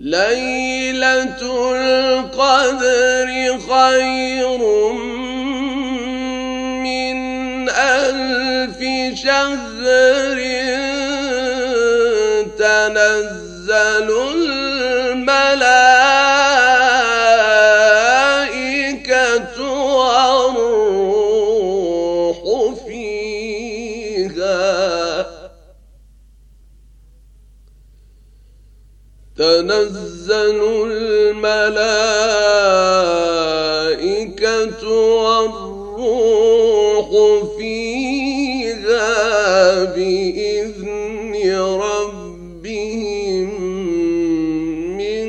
ليلة القدر خير من ألف شهر تنزل الملائكة والروح فيها بإذن ربهم من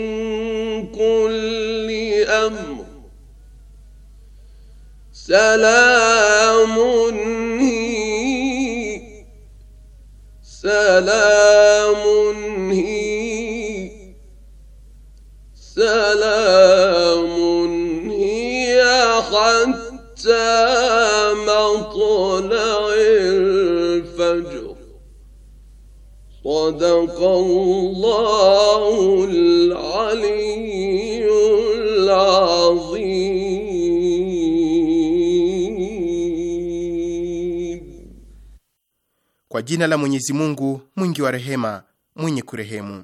كل أمر سلام هي سلام Kwa jina la Mwenyezi Mungu mwingi wa rehema mwenye kurehemu.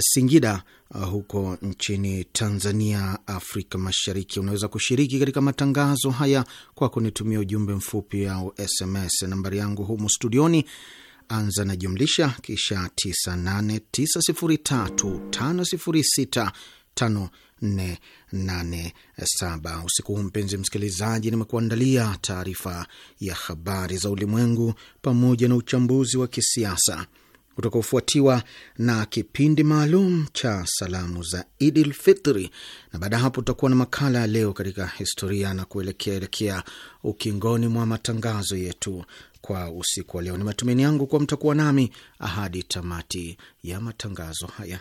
Singida uh, huko nchini Tanzania, Afrika Mashariki. Unaweza kushiriki katika matangazo haya kwa kunitumia ujumbe mfupi au SMS. Nambari yangu humu studioni, anza na jumlisha kisha 989035065487. Usiku huu mpenzi msikilizaji, nimekuandalia taarifa ya habari za ulimwengu pamoja na uchambuzi wa kisiasa utakaofuatiwa na kipindi maalum cha salamu za Idil Fitri, na baada ya hapo tutakuwa na makala ya leo katika historia na kuelekea elekea ukingoni mwa matangazo yetu kwa usiku wa leo. Ni matumaini yangu kuwa mtakuwa nami ahadi tamati ya matangazo haya.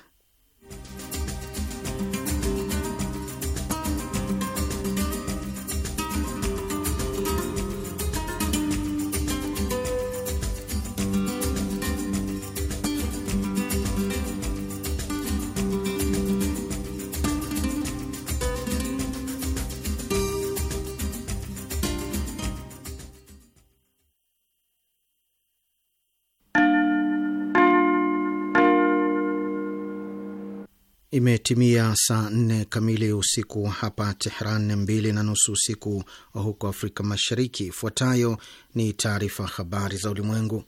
Imetimia saa nne kamili usiku hapa Tehran, mbili na nusu usiku huko Afrika Mashariki. Ifuatayo ni taarifa habari za ulimwengu,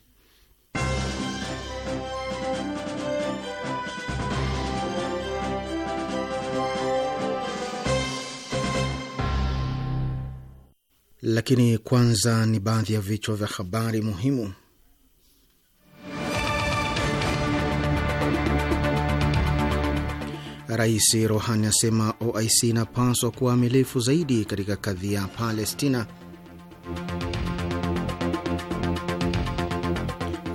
lakini kwanza ni baadhi ya vichwa vya habari muhimu. Rais Rohani asema OIC inapaswa kuwa amilifu zaidi katika kadhia Palestina.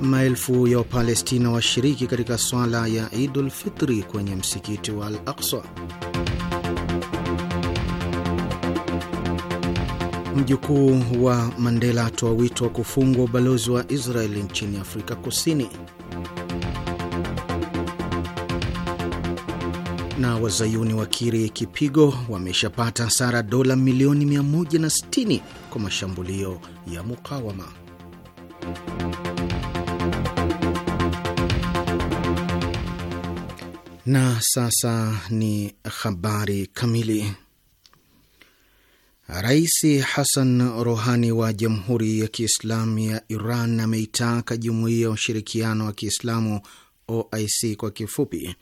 Maelfu ya Wapalestina washiriki katika swala ya Idul Fitri kwenye msikiti wa Al Aqsa. Mjukuu wa Mandela atoa wito wa kufungwa ubalozi wa Israeli nchini Afrika Kusini. na wazayuni wakiri kipigo wameshapata hasara dola milioni 160 kwa mashambulio ya mukawama. Na sasa ni habari kamili. Rais Hassan Rohani wa Jamhuri ya Kiislamu ya Iran ameitaka Jumuiya ya Ushirikiano wa Kiislamu, OIC kwa kifupi,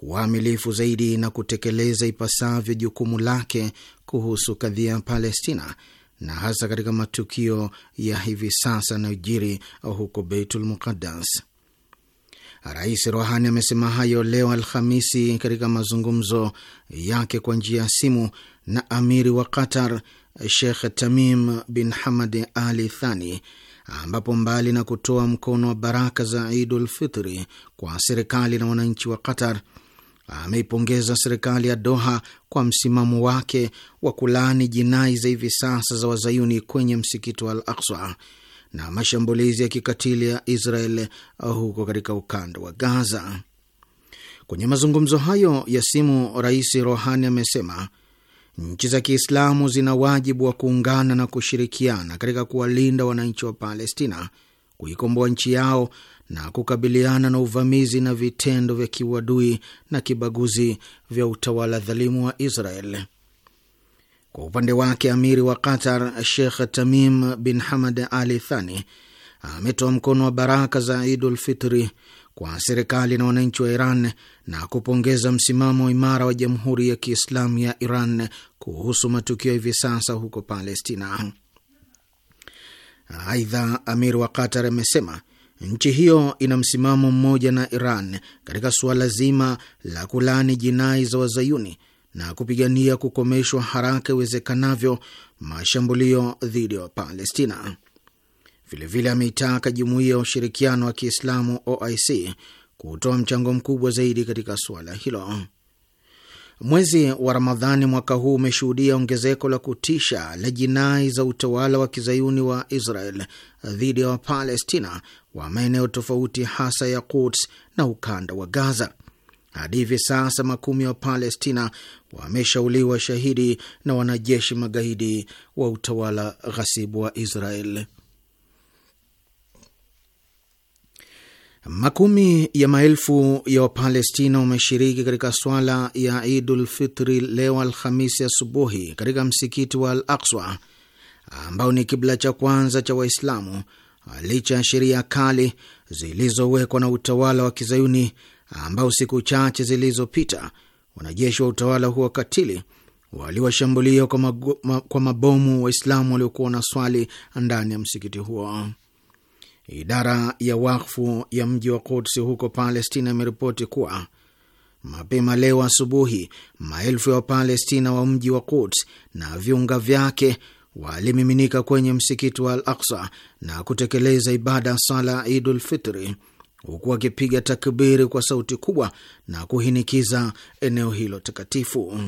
kuwaamilifu zaidi na kutekeleza ipasavyo jukumu lake kuhusu kadhia ya Palestina na hasa katika matukio ya hivi sasa yanayojiri huko Beitul Muqaddas. Rais Rohani amesema hayo leo Alhamisi katika mazungumzo yake kwa njia ya simu na amiri wa Qatar Sheikh Tamim bin Hamad Ali Thani, ambapo mbali na kutoa mkono wa baraka za Idul Fitri kwa serikali na wananchi wa Qatar, ameipongeza serikali ya Doha kwa msimamo wake wa kulaani jinai za hivi sasa za wazayuni kwenye msikiti wa Al Aksa na mashambulizi ya kikatili ya Israel uh, huko katika ukanda wa Gaza. Kwenye mazungumzo hayo ya simu, Rais Rohani amesema nchi za Kiislamu zina wajibu wa kuungana na kushirikiana katika kuwalinda wananchi wa Palestina kuikomboa nchi yao na kukabiliana na uvamizi na vitendo vya kiuadui na kibaguzi vya utawala dhalimu wa Israel. Kwa upande wake, amiri wa Qatar Sheikh Tamim bin Hamad Ali Thani ametoa mkono wa baraka za Idul Fitri kwa serikali na wananchi wa Iran na kupongeza msimamo imara wa Jamhuri ya Kiislamu ya Iran kuhusu matukio hivi sasa huko Palestina. Aidha, amir wa Qatar amesema nchi hiyo ina msimamo mmoja na Iran katika suala zima la kulani jinai za wazayuni na kupigania kukomeshwa haraka iwezekanavyo mashambulio dhidi ya Palestina. Vilevile ameitaka Jumuiya ya Ushirikiano wa Kiislamu OIC kutoa mchango mkubwa zaidi katika suala hilo. Mwezi wa Ramadhani mwaka huu umeshuhudia ongezeko la kutisha la jinai za utawala wa kizayuni wa Israel dhidi ya Wapalestina wa, wa maeneo tofauti hasa ya Quds na ukanda wa Gaza. Hadi hivi sasa makumi ya wa Wapalestina wameshauliwa shahidi na wanajeshi magaidi wa utawala ghasibu wa Israel. Makumi ya maelfu ya Wapalestina wameshiriki katika swala ya Idul Fitri leo Alhamisi asubuhi katika msikiti wa Al Akswa ambao ni kibla cha kwanza cha Waislamu licha ya sheria kali zilizowekwa na utawala wa Kizayuni ambao siku chache zilizopita wanajeshi wa utawala huo katili waliwashambulia kwa, kwa mabomu Waislamu waliokuwa wanaswali ndani ya msikiti huo. Idara ya wakfu ya mji wa Kudsi huko Palestina imeripoti kuwa mapema leo asubuhi maelfu ya Wapalestina wa mji wa Kuds na viunga vyake walimiminika kwenye msikiti wa Al Aksa na kutekeleza ibada ya sala Idul Fitri huku wakipiga takbiri kwa sauti kubwa na kuhinikiza eneo hilo takatifu.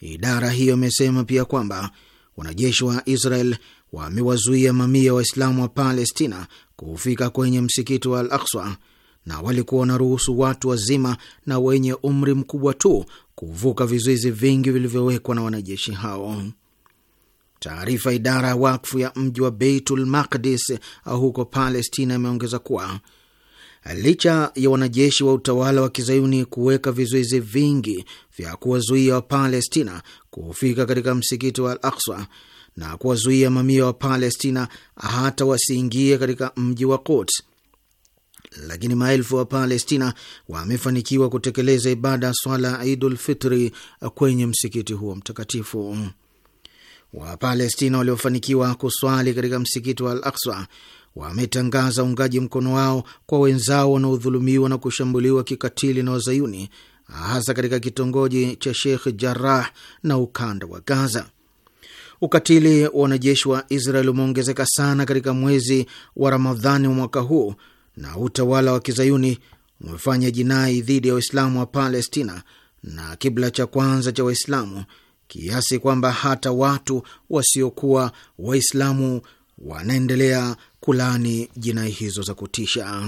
Idara hiyo imesema pia kwamba wanajeshi wa Israel wamewazuia mamia Waislamu wa Palestina kufika kwenye msikiti wa Al Akswa na walikuwa wanaruhusu watu wazima na wenye umri mkubwa tu kuvuka vizuizi vingi vilivyowekwa na wanajeshi hao. Taarifa idara ya wakfu ya mji wa Beitul Makdis huko Palestina imeongeza kuwa licha ya wanajeshi wa utawala wa kizayuni kuweka vizuizi vingi vya kuwazuia Wapalestina kufika katika msikiti wa Al Aksa, na kuwazuia mamia wa Palestina hata wasiingie katika mji wa Quds, lakini maelfu wa Palestina wamefanikiwa kutekeleza ibada swala Idul Fitri kwenye msikiti huo mtakatifu. Wapalestina waliofanikiwa kuswali katika msikiti wa Al Aksa wametangaza uungaji mkono wao kwa wenzao wanaodhulumiwa na kushambuliwa kikatili na Wazayuni, hasa katika kitongoji cha Sheikh Jarrah na ukanda wa Gaza. Ukatili wa wanajeshi wa Israel umeongezeka sana katika mwezi wa Ramadhani wa mwaka huu na utawala wa kizayuni umefanya jinai dhidi ya Waislamu wa Palestina na kibla cha kwanza cha Waislamu, kiasi kwamba hata watu wasiokuwa Waislamu wanaendelea kulani jinai hizo za kutisha.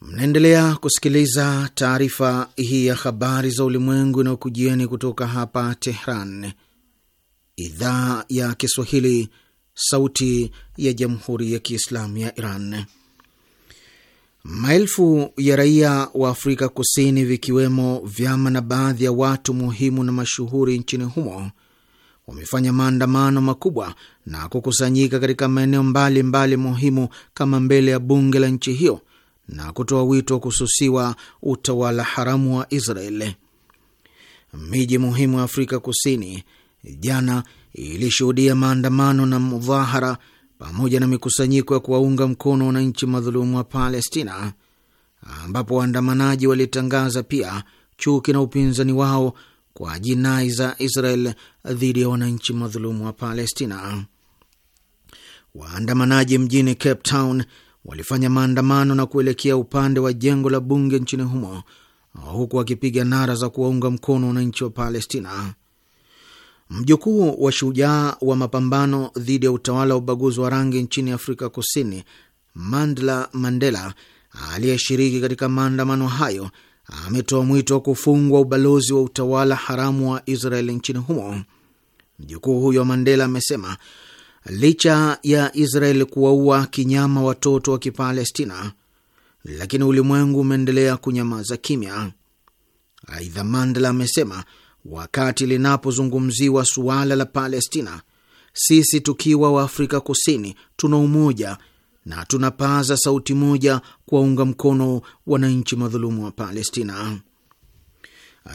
Mnaendelea kusikiliza taarifa hii ya habari za ulimwengu inayokujieni kutoka hapa Tehran, idhaa ya Kiswahili, sauti ya jamhuri ya kiislamu ya Iran. Maelfu ya raia wa Afrika Kusini, vikiwemo vyama na baadhi ya watu muhimu na mashuhuri nchini humo, wamefanya maandamano makubwa na kukusanyika katika maeneo mbalimbali muhimu kama mbele ya bunge la nchi hiyo na kutoa wito wa kususiwa utawala haramu wa Israeli. Miji muhimu ya Afrika Kusini jana ilishuhudia maandamano na mudhahara pamoja na mikusanyiko ya kuwaunga mkono wananchi madhulumu wa Palestina, ambapo waandamanaji walitangaza pia chuki na upinzani wao kwa jinai za Israel dhidi ya wananchi madhulumu wa Palestina. Waandamanaji mjini Cape Town walifanya maandamano na kuelekea upande wa jengo la bunge nchini humo huku wakipiga nara za kuwaunga mkono wananchi wa Palestina. Mjukuu wa shujaa wa mapambano dhidi ya utawala wa ubaguzi wa rangi nchini Afrika Kusini, Mandla Mandela, aliyeshiriki katika maandamano hayo, ametoa mwito wa kufungwa ubalozi wa utawala haramu wa Israeli nchini humo. Mjukuu huyo wa Mandela amesema licha ya Israel kuwaua kinyama watoto wa Kipalestina, lakini ulimwengu umeendelea kunyamaza kimya. Aidha, Mandela amesema wakati linapozungumziwa suala la Palestina, sisi tukiwa wa Afrika Kusini tuna umoja na tunapaza sauti moja kuwaunga mkono wananchi madhulumu wa Palestina.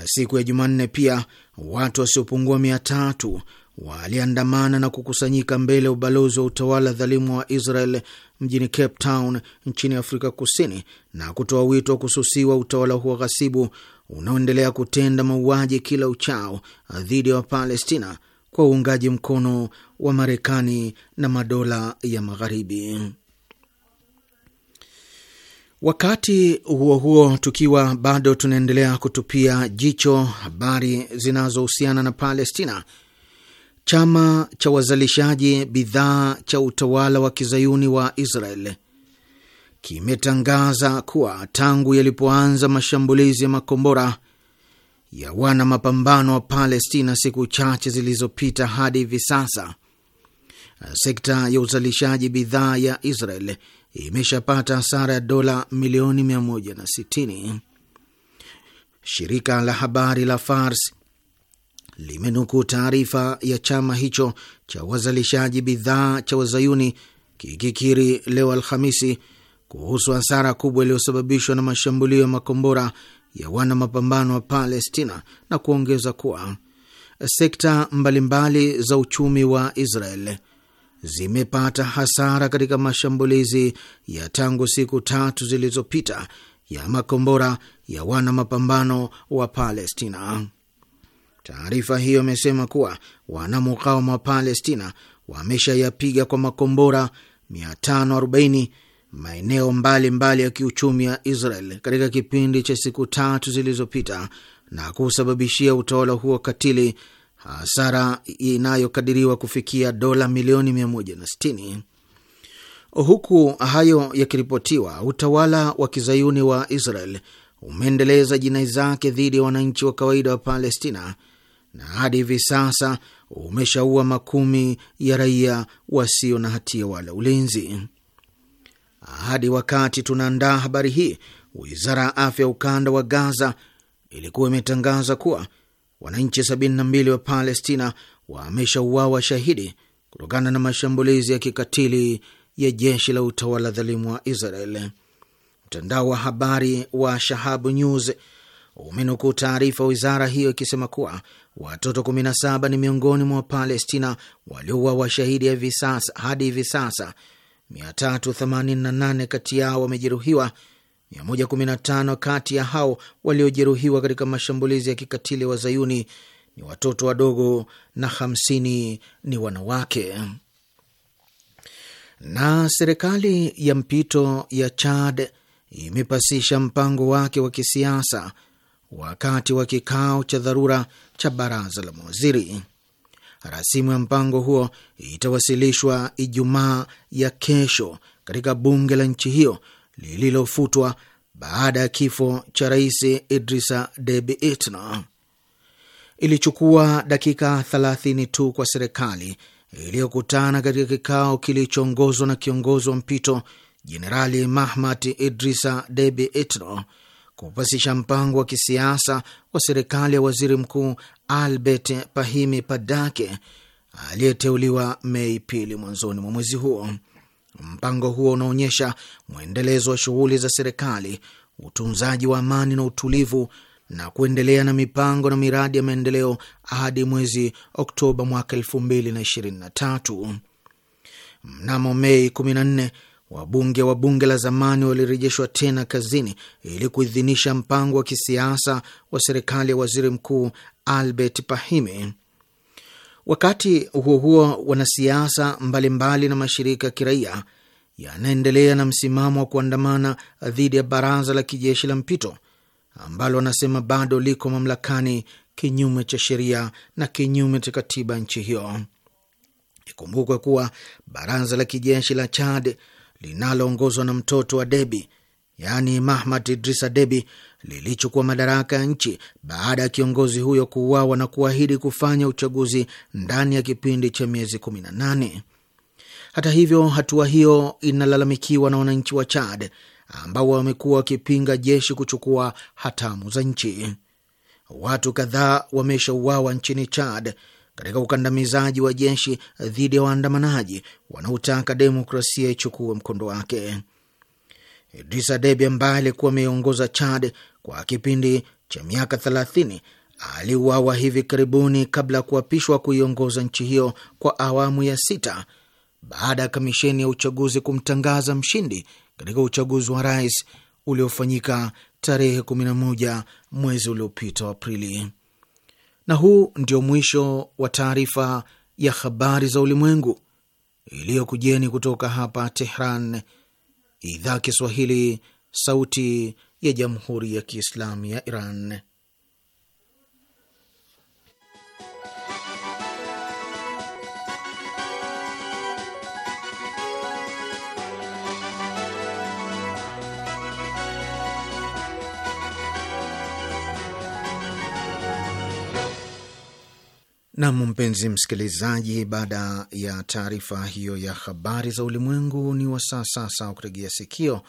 Siku ya Jumanne pia watu wasiopungua mia tatu waliandamana na kukusanyika mbele ya ubalozi wa utawala dhalimu wa Israel mjini Cape Town nchini Afrika Kusini na kutoa wito wa kususiwa utawala huo ghasibu unaoendelea kutenda mauaji kila uchao dhidi ya Wapalestina kwa uungaji mkono wa Marekani na madola ya Magharibi. Wakati huo huo, tukiwa bado tunaendelea kutupia jicho habari zinazohusiana na Palestina, chama cha wazalishaji bidhaa cha utawala wa kizayuni wa Israel kimetangaza kuwa tangu yalipoanza mashambulizi ya makombora ya wana mapambano wa Palestina siku chache zilizopita hadi hivi sasa sekta ya uzalishaji bidhaa ya Israel imeshapata hasara ya dola milioni 160. Shirika la habari la Fars limenukuu taarifa ya chama hicho cha wazalishaji bidhaa cha wazayuni kikikiri leo Alhamisi kuhusu hasara kubwa iliyosababishwa na mashambulio ya makombora ya wana mapambano wa Palestina na kuongeza kuwa sekta mbalimbali za uchumi wa Israel zimepata hasara katika mashambulizi ya tangu siku tatu zilizopita ya makombora ya wana mapambano wa Palestina. Taarifa hiyo imesema kuwa wanamukawama wa Palestina wameshayapiga kwa makombora 540 maeneo mbalimbali ya kiuchumi ya Israel katika kipindi cha siku tatu zilizopita na kusababishia utawala huo katili hasara inayokadiriwa kufikia dola milioni 160. Huku hayo yakiripotiwa, utawala wa kizayuni wa Israel umeendeleza jinai zake dhidi ya wananchi wa kawaida wa Palestina na hadi hivi sasa umeshaua makumi ya raia wasio na hatia wala ulinzi. Hadi wakati tunaandaa habari hii, wizara ya afya ukanda wa Gaza ilikuwa imetangaza kuwa wananchi 72 wa Palestina wameshauawa shahidi kutokana na mashambulizi ya kikatili ya jeshi la utawala dhalimu wa Israel. Mtandao wa habari wa Shahabu News umenukuu taarifa wizara hiyo ikisema kuwa watoto 17 ni miongoni mwa Wapalestina waliouawa washahidi hivi sasa hadi hivi sasa, 388 kati yao wamejeruhiwa, 115 kati ya hao waliojeruhiwa katika mashambulizi ya kikatili wa Zayuni ni watoto wadogo na 50 ni wanawake. Na serikali ya mpito ya Chad imepasisha mpango wake wa kisiasa wakati wa kikao cha dharura cha baraza la mawaziri. Rasimu ya mpango huo itawasilishwa Ijumaa ya kesho katika bunge la nchi hiyo lililofutwa baada ya kifo cha rais Idrisa Debi Itno. Ilichukua dakika 30 tu kwa serikali iliyokutana katika kikao kilichoongozwa na kiongozi wa mpito Jenerali Mahmat Idrisa Debi Itno kupasisha mpango wa kisiasa wa serikali ya waziri mkuu Albert Pahimi Padake aliyeteuliwa Mei pili mwanzoni mwa mwezi huo. Mpango huo unaonyesha mwendelezo wa shughuli za serikali, utunzaji wa amani na utulivu, na kuendelea na mipango na miradi ya maendeleo hadi mwezi Oktoba mwaka elfu mbili na ishirini na tatu. Mnamo Mei 14 Wabunge wa bunge la zamani walirejeshwa tena kazini ili kuidhinisha mpango wa kisiasa wa serikali ya waziri mkuu Albert pahimi Wakati huo huo, wanasiasa mbalimbali na mashirika ya kiraia yanaendelea na msimamo wa kuandamana dhidi ya baraza la kijeshi la mpito ambalo wanasema bado liko mamlakani kinyume cha sheria na kinyume cha katiba nchi hiyo. Ikumbukwe kuwa baraza la kijeshi la Chad linaloongozwa na mtoto wa Debi yaani Mahmad Idrisa Debi lilichukua madaraka ya nchi baada ya kiongozi huyo kuuawa na kuahidi kufanya uchaguzi ndani ya kipindi cha miezi 18. Hata hivyo, hatua hiyo inalalamikiwa na wananchi wa Chad ambao wamekuwa wakipinga jeshi kuchukua hatamu za nchi. Watu kadhaa wameshauawa nchini Chad katika ukandamizaji wa jeshi dhidi ya waandamanaji wanaotaka demokrasia ichukue mkondo wake. Idrisa Debi ambaye alikuwa ameiongoza Chad kwa kipindi cha miaka 30 aliuawa hivi karibuni kabla ya kuapishwa kuiongoza nchi hiyo kwa awamu ya sita baada ya kamisheni ya uchaguzi kumtangaza mshindi katika uchaguzi wa rais uliofanyika tarehe 11 mwezi uliopita Aprili. Na huu ndio mwisho wa taarifa ya habari za ulimwengu iliyokujeni kutoka hapa Tehran, idhaa Kiswahili, sauti ya jamhuri ya kiislamu ya Iran. Nam, mpenzi msikilizaji, baada ya taarifa hiyo ya habari za ulimwengu, ni wasaa sasa wa kutegea sikio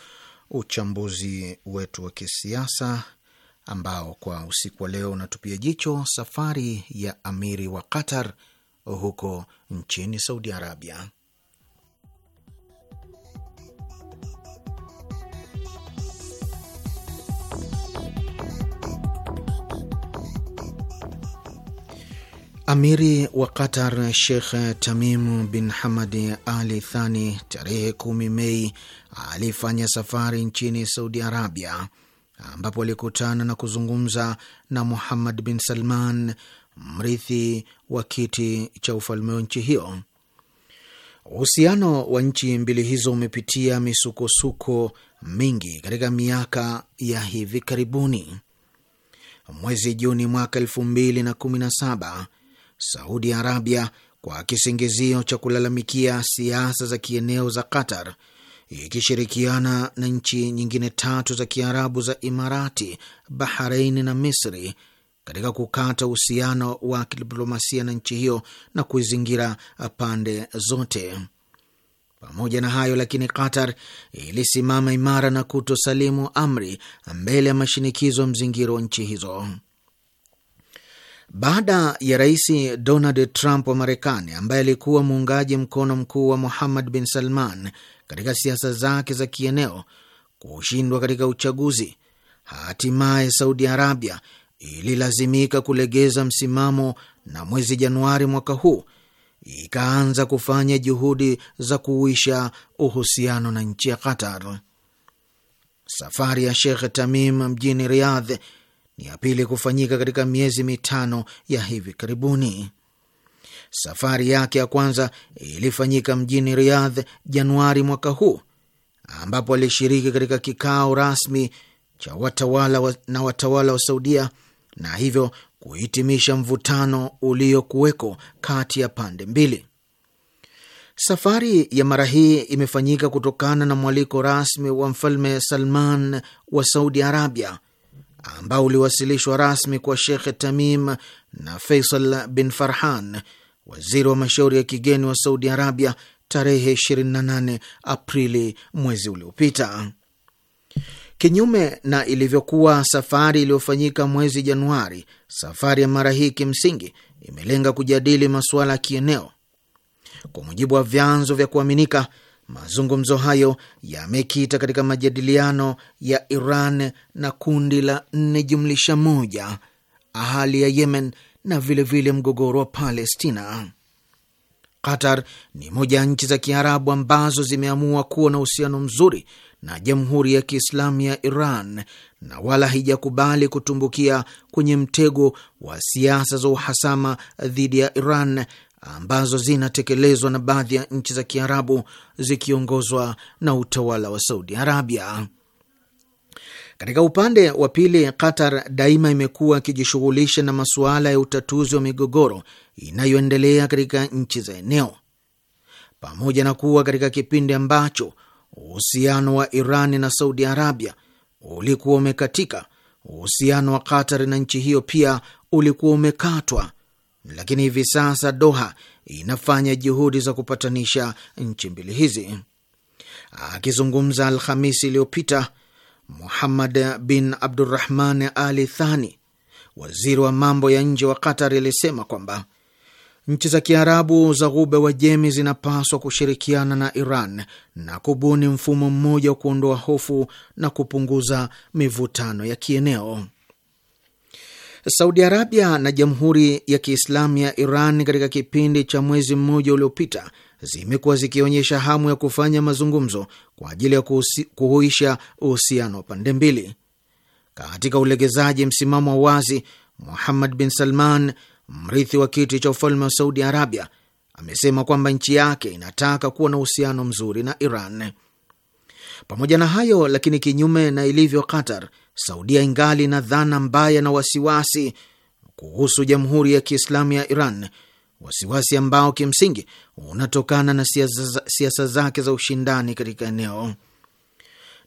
uchambuzi wetu wa kisiasa ambao kwa usiku wa leo unatupia jicho safari ya amiri wa Qatar huko nchini Saudi Arabia. Amiri wa Qatar Sheikh Tamim bin Hamad Ali Thani tarehe kumi Mei alifanya safari nchini Saudi Arabia ambapo alikutana na kuzungumza na Muhammad bin Salman, mrithi wa kiti cha ufalme wa nchi hiyo. Uhusiano wa nchi mbili hizo umepitia misukosuko mingi katika miaka ya hivi karibuni. Mwezi Juni mwaka elfu mbili na kumi na saba Saudi Arabia kwa kisingizio cha kulalamikia siasa za kieneo za Qatar ikishirikiana na nchi nyingine tatu za Kiarabu za Imarati, Bahrain na Misri katika kukata uhusiano wa kidiplomasia na nchi hiyo na kuizingira pande zote. Pamoja na hayo lakini, Qatar ilisimama imara na kutosalimu amri mbele ya mashinikizo mzingiro wa nchi hizo. Baada ya rais Donald Trump wa Marekani, ambaye alikuwa muungaji mkono mkuu wa Muhammad bin Salman katika siasa zake za kieneo, kushindwa katika uchaguzi, hatimaye Saudi Arabia ililazimika kulegeza msimamo, na mwezi Januari mwaka huu ikaanza kufanya juhudi za kuuisha uhusiano na nchi ya Qatar. Safari ya Sheikh Tamim mjini Riyadh ni ya pili kufanyika katika miezi mitano ya hivi karibuni. Safari yake ya kwanza ilifanyika mjini Riyadh Januari mwaka huu, ambapo alishiriki katika kikao rasmi cha watawala wa, na watawala wa Saudia na hivyo kuhitimisha mvutano uliokuweko kati ya pande mbili. Safari ya mara hii imefanyika kutokana na mwaliko rasmi wa Mfalme Salman wa Saudi Arabia ambao uliwasilishwa rasmi kwa Shekhe Tamim na Faisal bin Farhan, waziri wa mashauri ya kigeni wa Saudi Arabia, tarehe 28 Aprili mwezi uliopita. Kinyume na ilivyokuwa safari iliyofanyika mwezi Januari, safari ya mara hii kimsingi imelenga kujadili masuala ya kieneo. Kwa mujibu wa vyanzo vya kuaminika, Mazungumzo hayo yamekita katika majadiliano ya Iran na kundi la nne jumlisha moja, ahali ya Yemen na vilevile mgogoro wa Palestina. Qatar ni moja ya nchi za Kiarabu ambazo zimeamua kuwa na uhusiano mzuri na Jamhuri ya Kiislamu ya Iran na wala haijakubali kutumbukia kwenye mtego wa siasa za uhasama dhidi ya Iran ambazo zinatekelezwa na baadhi ya nchi za Kiarabu zikiongozwa na utawala wa Saudi Arabia. Katika upande wa pili, Qatar daima imekuwa ikijishughulisha na masuala ya utatuzi wa migogoro inayoendelea katika nchi za eneo, pamoja na kuwa katika kipindi ambacho uhusiano wa Iran na Saudi Arabia ulikuwa umekatika, uhusiano wa Qatar na nchi hiyo pia ulikuwa umekatwa lakini hivi sasa Doha inafanya juhudi za kupatanisha nchi mbili hizi. Akizungumza Alhamisi iliyopita, Muhammad bin Abdurrahman Ali Thani, waziri wa mambo ya nje wa Qatar, alisema kwamba nchi za Kiarabu za Ghuba Wajemi zinapaswa kushirikiana na Iran na kubuni mfumo mmoja wa kuondoa hofu na kupunguza mivutano ya kieneo. Saudi Arabia na Jamhuri ya Kiislamu ya Iran katika kipindi cha mwezi mmoja uliopita zimekuwa zikionyesha hamu ya kufanya mazungumzo kwa ajili ya kuhuisha uhusiano wa pande mbili. Katika ulegezaji msimamo wa wazi, Muhammad bin Salman, mrithi wa kiti cha ufalme wa Saudi Arabia, amesema kwamba nchi yake inataka kuwa na uhusiano mzuri na Iran. Pamoja na hayo lakini, kinyume na ilivyo Qatar, Saudia ingali na dhana mbaya na wasiwasi kuhusu Jamhuri ya Kiislamu ya Iran, wasiwasi ambao kimsingi unatokana na siasa zake za ushindani katika eneo.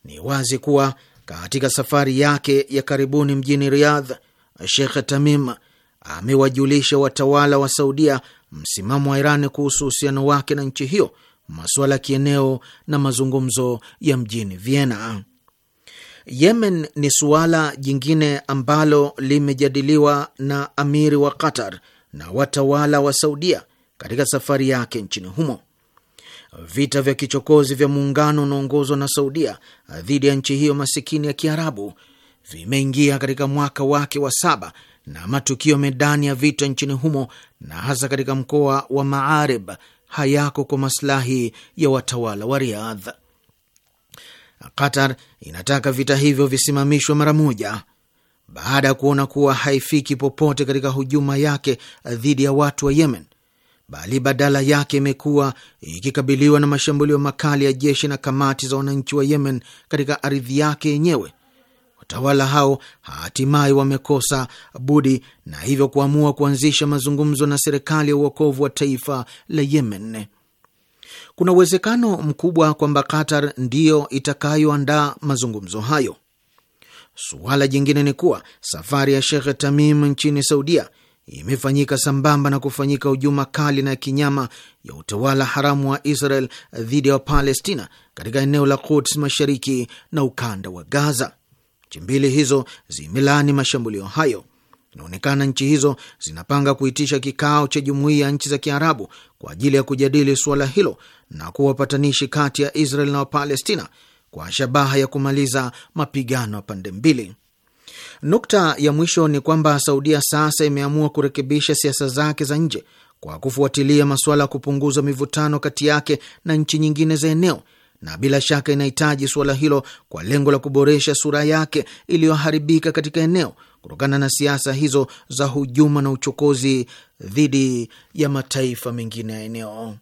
Ni wazi kuwa katika safari yake ya karibuni mjini Riyadh, Shekh Tamim amewajulisha watawala wa Saudia msimamo wa Iran kuhusu uhusiano wake na nchi hiyo, masuala ya kieneo na mazungumzo ya mjini Vienna. Yemen ni suala jingine ambalo limejadiliwa na amiri wa Qatar na watawala wa Saudia katika safari yake nchini humo. Vita vya kichokozi vya muungano unaongozwa na Saudia dhidi ya nchi hiyo masikini ya Kiarabu vimeingia katika mwaka wake wa saba na matukio medani ya vita nchini humo na hasa katika mkoa wa Maarib hayako kwa masilahi ya watawala wa Riadha. Qatar inataka vita hivyo visimamishwe mara moja baada ya kuona kuwa haifiki popote katika hujuma yake dhidi ya watu wa Yemen, bali badala yake imekuwa ikikabiliwa na mashambulio makali ya jeshi na kamati za wananchi wa Yemen katika ardhi yake yenyewe. Watawala hao hatimaye wamekosa budi na hivyo kuamua kuanzisha mazungumzo na serikali ya uokovu wa taifa la Yemen kuna uwezekano mkubwa kwamba Qatar ndiyo itakayoandaa mazungumzo hayo. Suala jingine ni kuwa safari ya Shekh Tamim nchini Saudia imefanyika sambamba na kufanyika hujuma kali na kinyama ya utawala haramu wa Israel dhidi ya Wapalestina katika eneo la Quds mashariki na ukanda wa Gaza. Nchi mbili hizo zimelaani mashambulio hayo inaonekana nchi hizo zinapanga kuitisha kikao cha jumuiya ya nchi za Kiarabu kwa ajili ya kujadili suala hilo na kuwa wapatanishi kati ya Israel na Wapalestina kwa shabaha ya kumaliza mapigano ya pande mbili. Nukta ya mwisho ni kwamba Saudia sasa imeamua kurekebisha siasa zake za nje kwa kufuatilia masuala ya kupunguza mivutano kati yake na nchi nyingine za eneo, na bila shaka inahitaji suala hilo kwa lengo la kuboresha sura yake iliyoharibika katika eneo kutokana na siasa hizo za hujuma na uchokozi dhidi ya mataifa mengine ya eneo.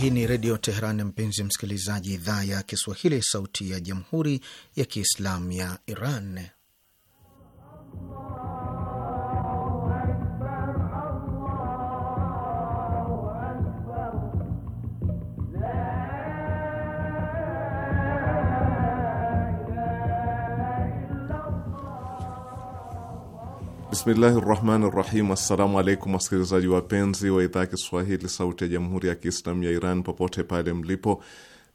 Hii ni Redio Teheran, mpenzi msikilizaji, idhaa ya Kiswahili, sauti ya Jamhuri ya Kiislamu ya Iran. Bismillahi rahmani rahim. Assalamu alaikum wasikilizaji wapenzi wa idhaa ya Kiswahili sauti ya jamhuri ya Kiislamu ya Iran popote pale mlipo,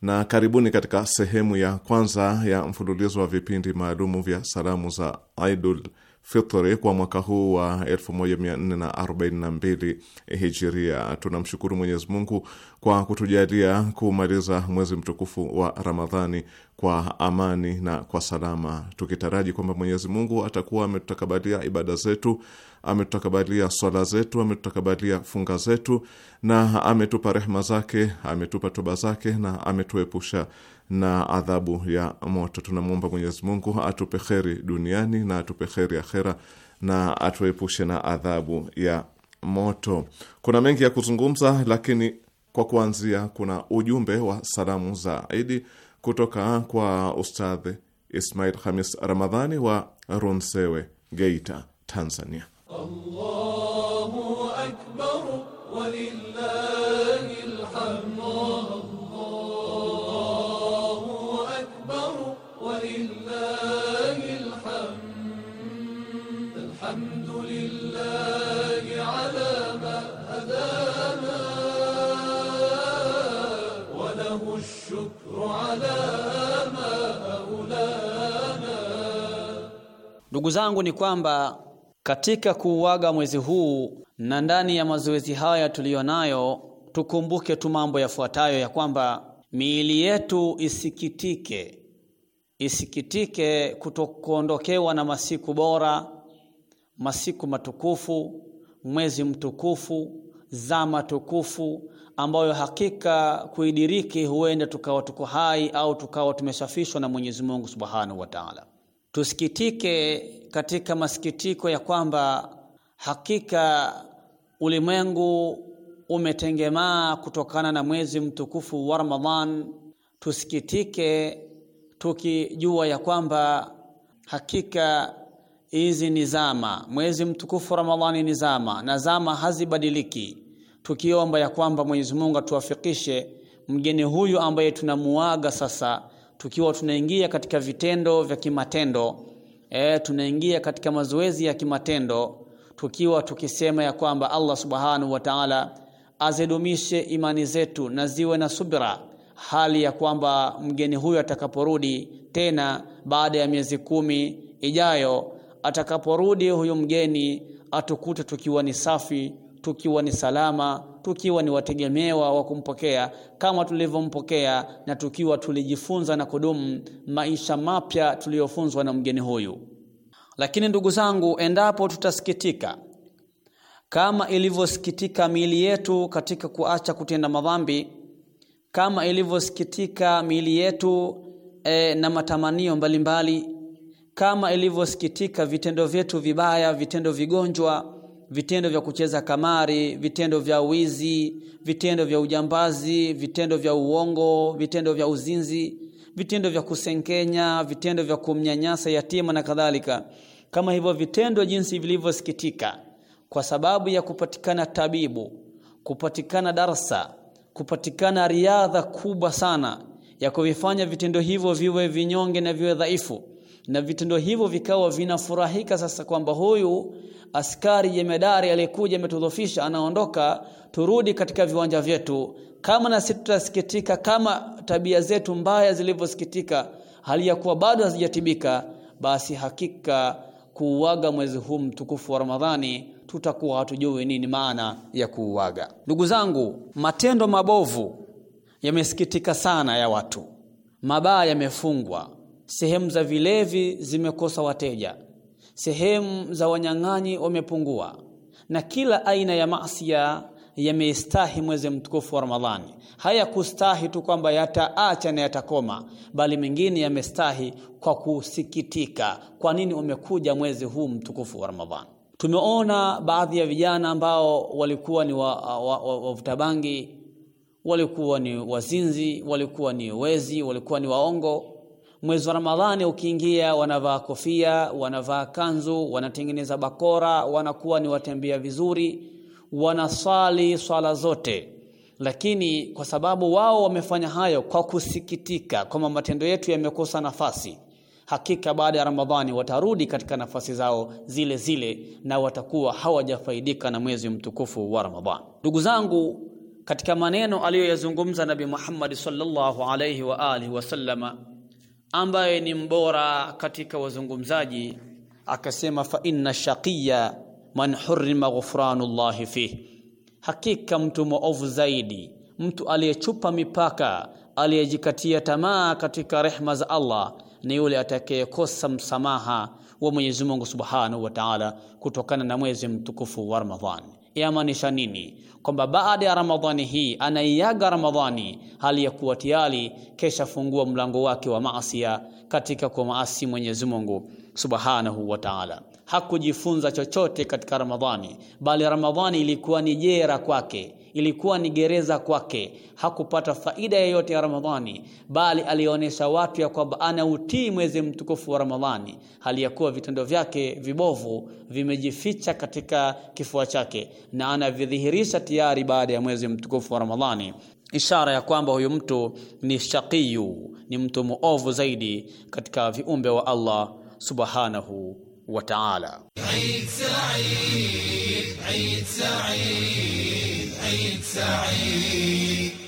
na karibuni katika sehemu ya kwanza ya mfululizo wa vipindi maalumu vya salamu za idul Fitri kwa mwaka huu wa 1442 Hijiria. Tunamshukuru Mwenyezi Mungu kwa kutujalia kumaliza mwezi mtukufu wa Ramadhani kwa amani na kwa salama, tukitaraji kwamba Mwenyezi Mungu atakuwa ametutakabalia ibada zetu, ametutakabalia swala zetu, ametutakabalia funga zetu, na ametupa rehma zake, ametupa toba zake na ametuepusha na adhabu ya moto. Tunamwomba Mwenyezi Mungu atupe kheri duniani na atupe kheri akhera na atuepushe na adhabu ya moto. Kuna mengi ya kuzungumza, lakini kwa kuanzia, kuna ujumbe wa salamu za Idi kutoka kwa Ustadh Ismail hamis Ramadhani wa Runsewe, Geita, Tanzania. Allahu akbar Ndugu zangu, ni kwamba katika kuuaga mwezi huu na ndani ya mazoezi haya tuliyonayo, tukumbuke tu mambo yafuatayo ya kwamba miili yetu isikitike, isikitike kutokuondokewa na masiku bora, masiku matukufu, mwezi mtukufu, zama tukufu ambayo hakika kuidiriki huenda tukawa tuko hai au tukawa tumesafishwa na Mwenyezi Mungu Subhanahu wa Ta'ala. Tusikitike katika masikitiko ya kwamba hakika ulimwengu umetengemaa kutokana na mwezi mtukufu wa Ramadhan. Tusikitike tukijua ya kwamba hakika hizi ni zama, mwezi mtukufu Ramadhani ni zama na zama hazibadiliki, tukiomba ya kwamba Mwenyezi Mungu atuwafikishe mgeni huyu ambaye tunamuaga sasa tukiwa tunaingia katika vitendo vya kimatendo e, tunaingia katika mazoezi ya kimatendo tukiwa tukisema ya kwamba Allah subhanahu wa ta'ala azidumishe imani zetu na ziwe na subira, hali ya kwamba mgeni huyo atakaporudi tena baada ya miezi kumi ijayo, atakaporudi huyu mgeni atukute tukiwa ni safi, tukiwa ni salama tukiwa ni wategemewa wa kumpokea kama tulivyompokea na tukiwa tulijifunza na kudumu maisha mapya tuliyofunzwa na mgeni huyu. Lakini ndugu zangu, endapo tutasikitika kama ilivyosikitika miili yetu katika kuacha kutenda madhambi, kama ilivyosikitika miili yetu e, na matamanio mbalimbali mbali, kama ilivyosikitika vitendo vyetu vibaya, vitendo vigonjwa vitendo vya kucheza kamari, vitendo vya wizi, vitendo vya ujambazi, vitendo vya uongo, vitendo vya uzinzi, vitendo vya kusenkenya, vitendo vya kumnyanyasa yatima na kadhalika. Kama hivyo vitendo jinsi vilivyosikitika kwa sababu ya kupatikana tabibu, kupatikana darsa, kupatikana riadha kubwa sana ya kuvifanya vitendo hivyo viwe vinyonge na viwe dhaifu na vitendo hivyo vikawa vinafurahika sasa kwamba huyu askari jemedari aliyekuja ametudhofisha anaondoka turudi katika viwanja vyetu kama na sisi tutasikitika kama tabia zetu mbaya zilivyosikitika hali ya kuwa bado hazijatibika basi hakika kuuaga mwezi huu mtukufu wa Ramadhani tutakuwa hatujui nini maana ya kuuaga ndugu zangu matendo mabovu yamesikitika sana ya watu mabaya yamefungwa sehemu za vilevi zimekosa wateja, sehemu za wanyang'anyi wamepungua, na kila aina ya masia yameistahi mwezi mtukufu wa Ramadhani. Hayakustahi tu kwamba yataacha na yatakoma, bali mengine yamestahi kwa kusikitika. Kwa nini umekuja mwezi huu mtukufu wa Ramadhani? Tumeona baadhi ya vijana ambao walikuwa ni wavuta bangi, walikuwa ni wazinzi, walikuwa ni wezi, walikuwa ni waongo Mwezi wa Ramadhani ukiingia, wanavaa kofia, wanavaa kanzu, wanatengeneza bakora, wanakuwa ni watembea vizuri, wanasali swala zote. Lakini kwa sababu wao wamefanya hayo kwa kusikitika kwamba matendo yetu yamekosa nafasi, hakika baada ya Ramadhani watarudi katika nafasi zao zile zile na watakuwa hawajafaidika na mwezi mtukufu wa Ramadhani. Ndugu zangu, katika maneno aliyoyazungumza Nabi Muhammad sallallahu alayhi wa alihi wasallama ambaye ni mbora katika wazungumzaji akasema, fa inna shaqiya man hurima llahi fih, hakika mtu mwovu zaidi, mtu aliyechupa mipaka, aliyejikatia tamaa katika rehma za Allah ni yule atakayekosa msamaha wa Mwenyezi Mungu Subhanahu wa Ta'ala, kutokana na mwezi mtukufu wa Ramadhani yamaanisha nini? Kwamba baada ya Ramadhani hii anaiaga Ramadhani hali ya kuwa tayari kesha fungua mlango wake wa maasi katika kwa maasi Mwenyezi Mungu Subhanahu wa Ta'ala. Hakujifunza chochote katika Ramadhani, bali Ramadhani ilikuwa ni jera kwake ilikuwa ni gereza kwake. Hakupata faida yoyote ya Ramadhani, bali alionyesha watu ya kwamba anautii mwezi mtukufu wa Ramadhani, hali ya kuwa vitendo vyake vibovu vimejificha katika kifua chake na anavidhihirisha tayari baada ya mwezi mtukufu wa Ramadhani, ishara ya kwamba huyu mtu ni shaqiyu, ni mtu muovu zaidi katika viumbe wa Allah subhanahu wa taala.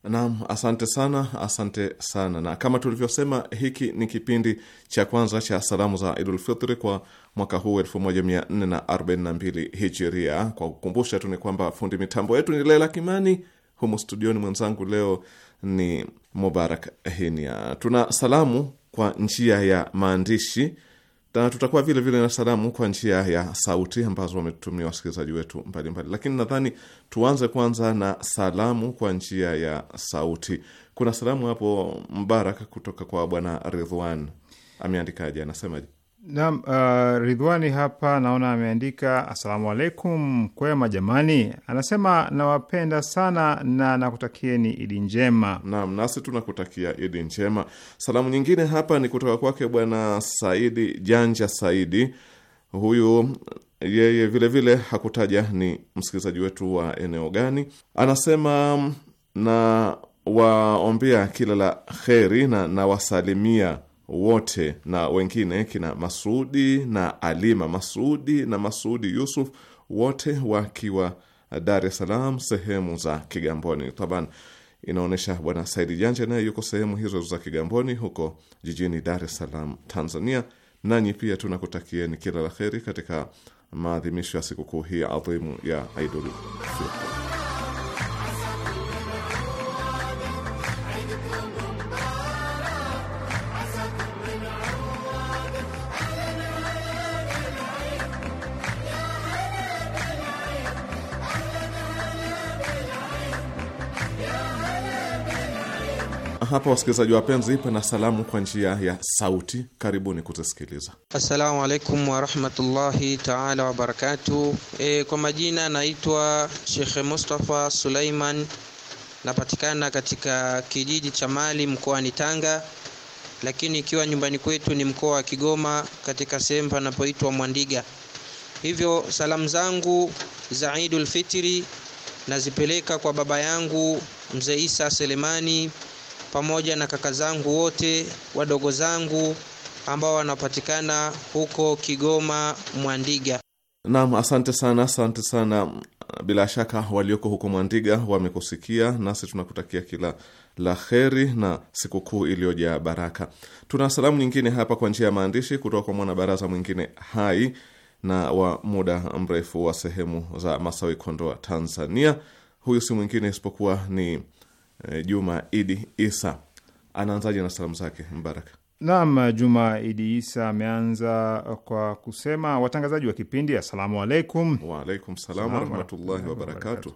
Naam, asante sana, asante sana. Na kama tulivyosema, hiki ni kipindi cha kwanza cha salamu za Idul Fitri kwa mwaka huu 1442 Hijiria. Kwa kukumbusha tu ni kwamba fundi mitambo yetu ni Laila Kimani, humu studioni mwenzangu leo ni Mubarak Hinia. Tuna salamu kwa njia ya maandishi na tutakuwa vile vile na salamu kwa njia ya sauti ambazo wametumia wasikilizaji wetu mbalimbali, lakini nadhani tuanze kwanza na salamu kwa njia ya sauti. Kuna salamu hapo Mbaraka kutoka kwa Bwana Ridhwan, ameandikaje? Anasemaje? Naam, uh, Ridhwani hapa naona ameandika asalamu alaikum, kwema jamani. Anasema nawapenda sana na nakutakieni idi njema. Naam, nasi tunakutakia idi njema. Salamu nyingine hapa ni kutoka kwake bwana Saidi Janja Saidi. Huyu yeye vilevile hakutaja ni msikilizaji wetu wa eneo gani. Anasema na waombea kila la kheri na nawasalimia wote na wengine kina Masudi na Alima Masudi na Masudi Yusuf wote wakiwa Dar es Salaam sehemu za Kigamboni. Taban inaonyesha bwana Saidi Janja naye yuko sehemu hizo za Kigamboni huko jijini Dar es Salaam, Tanzania. Nanyi pia tunakutakieni kila la kheri katika maadhimisho ya sikukuu hii adhimu ya Idul hapa, wasikilizaji wapenzi, pana salamu kwa njia ya sauti. Karibuni kutusikiliza. Assalamu alaikum warahmatullahi taala wabarakatu E, kwa majina naitwa Shekhe Mustafa Suleiman, napatikana katika kijiji cha Mali mkoani Tanga, lakini ikiwa nyumbani kwetu ni mkoa wa Kigoma katika sehemu panapoitwa Mwandiga. Hivyo salamu zangu za Idul Fitri nazipeleka kwa baba yangu mzee Isa Selemani pamoja na kaka zangu wote wadogo zangu ambao wanapatikana huko Kigoma Mwandiga. Naam, asante sana, asante sana. Bila shaka walioko huko Mwandiga wamekusikia, nasi tunakutakia kila la heri na sikukuu iliyojaa baraka. Tuna salamu nyingine hapa kwa njia ya maandishi kutoka kwa mwanabaraza mwingine hai na wa muda mrefu wa sehemu za Masawi, Kondoa, Tanzania. Huyu si mwingine isipokuwa ni Eh, Juma Idi Isa anaanzaje na salamu zake Mbarak? Naam, Juma Idi Isa ameanza kwa kusema, watangazaji wa kipindi, assalamu alaikum. Waalaikum salam warahmatullahi wabarakatu.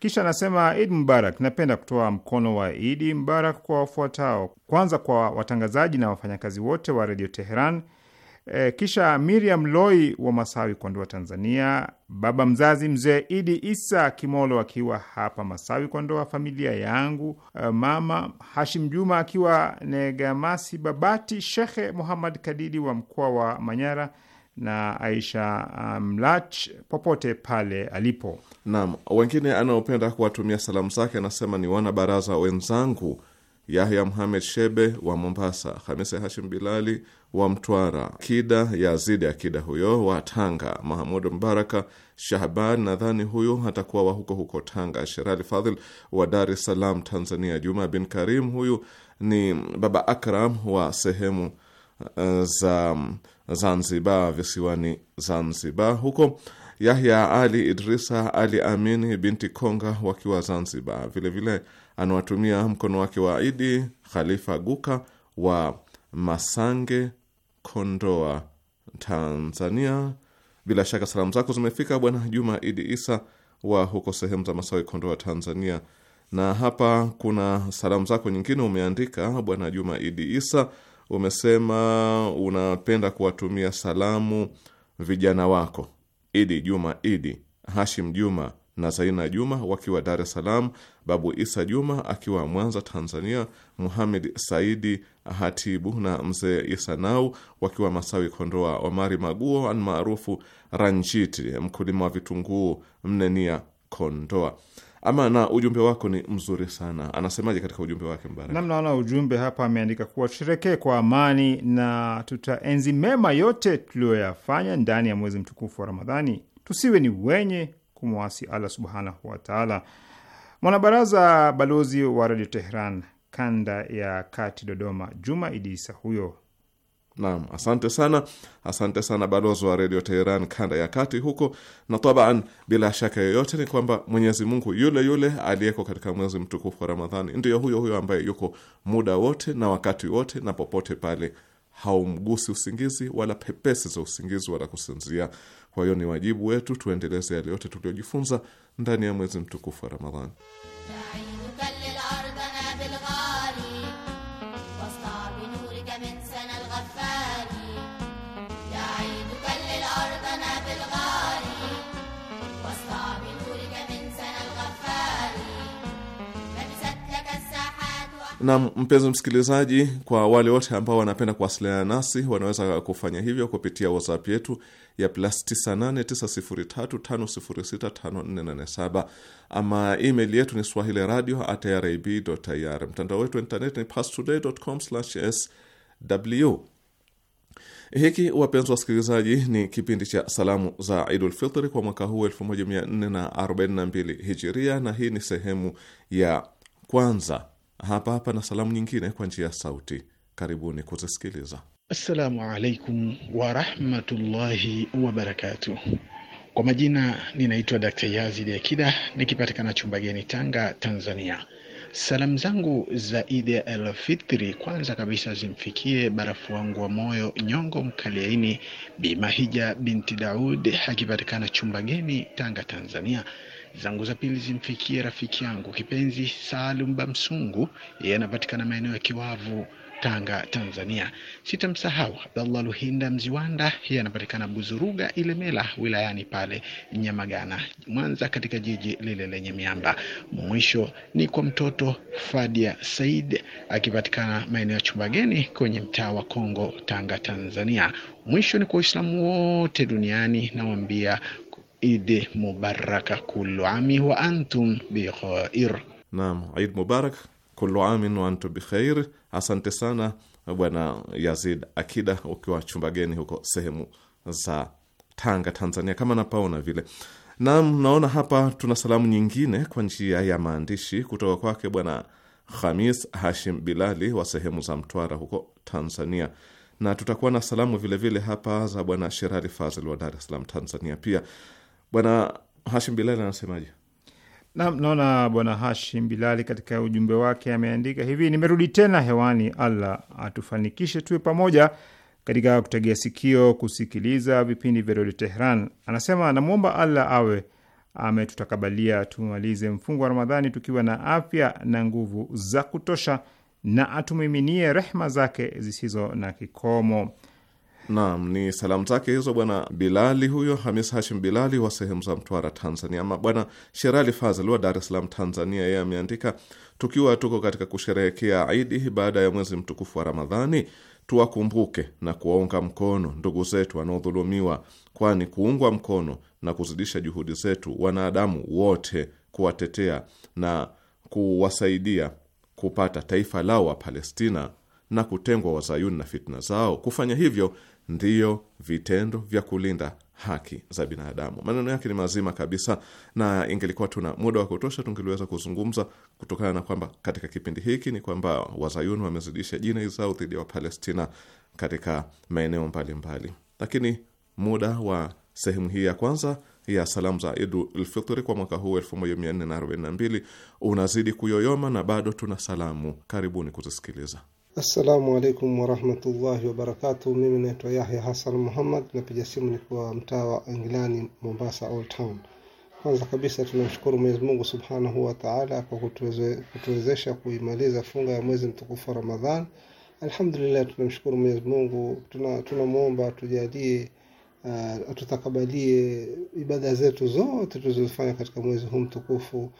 Kisha anasema Idi Mubarak. Napenda kutoa mkono wa Idi Mubarak kwa wafuatao: kwanza kwa watangazaji na wafanyakazi wote wa redio Teheran E, kisha Miriam Loi wa Masawi, Kondoa, Tanzania. Baba mzazi mzee Idi Isa Kimolo akiwa hapa Masawi, Kondoa, familia yangu. Eh, mama Hashim Juma akiwa Negamasi, Babati. Shekhe Muhammad Kadidi wa mkoa wa Manyara na Aisha eh, Mlach um, popote pale alipo. Naam, wengine anaopenda kuwatumia salamu zake anasema ni wana baraza wenzangu Yahya Muhamed Shebe wa Mombasa, Hamisa Hashim Bilali wa Mtwara, Kida Yazidi Akida huyo wa Tanga, Mahamudu Mbaraka Shahban, nadhani huyu atakuwa wa huko huko Tanga, Sherali Fadhil wa Dar es Salaam, Tanzania, Juma bin Karim, huyu ni Baba Akram wa sehemu eh, za Zanzibar, visiwani Zanzibar huko Yahya Ali Idrisa Ali Amini binti Konga wakiwa Zanzibar. Vilevile anawatumia mkono wake wa Idi Khalifa Guka wa Masange Kondoa, Tanzania. Bila shaka salamu zako zimefika Bwana Juma Idi Isa wa huko sehemu za Masawi, Kondoa, Tanzania. Na hapa kuna salamu zako nyingine umeandika, Bwana Juma Idi Isa, umesema unapenda kuwatumia salamu vijana wako Idi Juma Idi, Hashim Juma na Zaina Juma wakiwa Dar es Salaam, Babu Isa Juma akiwa Mwanza, Tanzania, Muhamed Saidi Hatibu na Mzee Isa Nau wakiwa Masawi, Kondoa, Omari Maguo almaarufu Ranjiti, mkulima wa vitunguu Mnenia, Kondoa. Ama na ujumbe wako ni mzuri sana. Anasemaje katika ujumbe wake Mbaraka? Namna naona ujumbe hapa ameandika kuwa tusherekee kwa amani na tutaenzi mema yote tuliyoyafanya ndani ya mwezi mtukufu wa Ramadhani. Tusiwe ni wenye kumwasi Allah subhanahu wataala. Mwanabaraza balozi wa redio Tehran kanda ya kati Dodoma, Juma Idi Isa huyo. Naam, asante sana, asante sana balozi wa redio Teheran kanda ya kati huko. Na tabaan, bila shaka yoyote ni kwamba Mwenyezi Mungu yule yule aliyeko katika mwezi mtukufu wa Ramadhani ndiyo huyo huyo ambaye yuko muda wote na wakati wote na popote pale haumgusi usingizi wala pepesi za usingizi wala kusinzia. Kwa hiyo ni wajibu wetu tuendeleze yale yote tuliyojifunza ndani ya mwezi mtukufu wa Ramadhani. Na mpenzi msikilizaji, kwa wale wote ambao wanapenda kuwasiliana nasi wanaweza kufanya hivyo kupitia WhatsApp yetu ya plus 989035065487 ama email yetu ni swahili radio at irib Mtandao wetu wa intaneti ni pastoday.com sw. Hiki wapenzi wasikilizaji, ni kipindi cha salamu za Idul Fitri kwa mwaka huu 1442 Hijiria, na hii ni sehemu ya kwanza hapa hapa na salamu nyingine kwa njia ya sauti. Karibuni kuzisikiliza. Assalamu alaikum warahmatullahi wabarakatuh. Kwa majina ninaitwa Dkt. Yazid Akida, nikipatikana chumba geni, Tanga, Tanzania. Salamu zangu za Idi ya Elfitri kwanza kabisa zimfikie barafu wangu wa moyo Nyongo Mkaliaini, Bimahija binti Daud akipatikana chumba geni, Tanga, Tanzania zangu za pili zimfikie rafiki yangu kipenzi Salum Bamsungu, yeye anapatikana maeneo ya Kiwavu Tanga, Tanzania. Sitamsahau Abdallah Luhinda Mziwanda, yeye anapatikana Buzuruga, Ilemela, wilayani pale Nyamagana, Mwanza, katika jiji lile lenye miamba. Mwisho ni kwa mtoto Fadia Said, akipatikana maeneo ya Chumbageni kwenye mtaa wa Kongo, Tanga, Tanzania. Mwisho ni kwa Waislamu wote duniani, nawambia Idi mubaraka kullu ami wa antum bikhair. Naam, Eid mubarak kullu amin wa antum bikhair. Asante sana Bwana Yazid Akida, ukiwa chumba geni huko sehemu za Tanga, Tanzania, kama napaona vile. Naam, naona hapa tuna salamu nyingine kwa njia ya maandishi kutoka kwake Bwana Khamis Hashim Bilali wa sehemu za Mtwara huko Tanzania, na tutakuwa na salamu vilevile vile hapa za Bwana Sherali Fazil wa Dar es Salaam, Tanzania pia. Bwana Hashim Bilali anasemaje? Naam, naona Bwana Hashim Bilali katika ujumbe wake ameandika hivi: nimerudi tena hewani. Allah atufanikishe tuwe pamoja katika kutegea sikio kusikiliza vipindi vya redio Tehran. Anasema namwomba Allah awe ametutakabalia tumalize mfungo wa Ramadhani tukiwa na afya na nguvu za kutosha, na atumiminie rehma zake zisizo na kikomo. Naam, ni salamu zake hizo bwana Bilali huyo, Hamis Hashim Bilali wa sehemu za Mtwara, Tanzania. Ama bwana Sherali fazl wa Dar es Salaam, Tanzania, yeye ameandika tukiwa tuko katika kusherehekea Idi baada ya mwezi mtukufu wa Ramadhani, tuwakumbuke na kuwaunga mkono ndugu zetu wanaodhulumiwa, kwani kuungwa mkono na kuzidisha juhudi zetu wanadamu wote kuwatetea na kuwasaidia kupata taifa lao wa Palestina na kutengwa wazayuni na fitna zao, kufanya hivyo ndiyo vitendo vya kulinda haki za binadamu. Maneno yake ni mazima kabisa, na ingelikuwa tuna muda wa kutosha tungeliweza kuzungumza, kutokana na kwamba katika kipindi hiki ni kwamba wazayuni wamezidisha jinai zao dhidi ya Wapalestina katika maeneo mbalimbali, lakini muda wa sehemu hii ya kwanza ya salamu za Idu Lfitri kwa mwaka huu 1442 unazidi kuyoyoma na bado tuna salamu. Karibuni kuzisikiliza. Assalamu alaikum warahmatullahi wabarakatuh. Mimi naitwa Yahya Hassan Muhammad, napiga simu nikiwa mtaa wa Angilani, Mombasa Old Town. Kwanza kabisa tunamshukuru Mwenyezi Mungu Subhanahu wa Ta'ala kwa kutuwezesha kuimaliza funga ya mwezi mtukufu wa Ramadhan. Alhamdulillah, tunamshukuru Mwenyezi Mungu, tunamwomba tuna atujalie uh, atutakabalie ibada zetu zote tulizofanya katika mwezi huu mtukufu,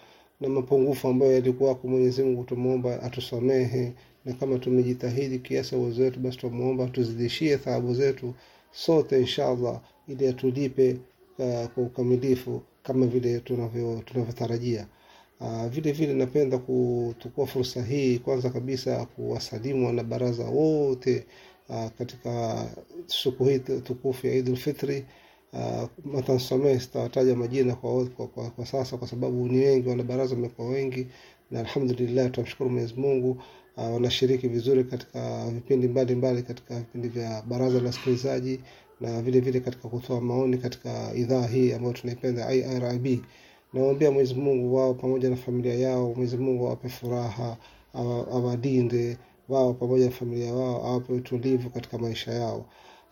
na mapungufu ambayo kwa Mwenyezi Mungu tumuomba atusamehe na kama tumejitahidi kiasi uwezo wetu basi tumuomba tuzidishie thawabu zetu sote inshallah ili atulipe uh, kwa ukamilifu kama vile tunavyotarajia uh, vile vile napenda kutukua fursa hii kwanza kabisa kuwasalimu na baraza wote uh, katika siku hii tukufu ya idul fitri Uh, matansomee sitawataja majina kwa, kwa, kwa, kwa sasa kwa sababu ni wengi wanabaraza wamekuwa wengi na alhamdulillah tunamshukuru mwenyezi mungu Ah, wanashiriki vizuri katika vipindi mbalimbali katika vipindi vya baraza la wasikilizaji na vile vile katika kutoa maoni katika idhaa hii ambayo tunaipenda irib naombea mwenyezi mungu wao pamoja na familia yao mwenyezi mungu awape furaha awadinde wao pamoja na familia wao awape utulivu katika maisha yao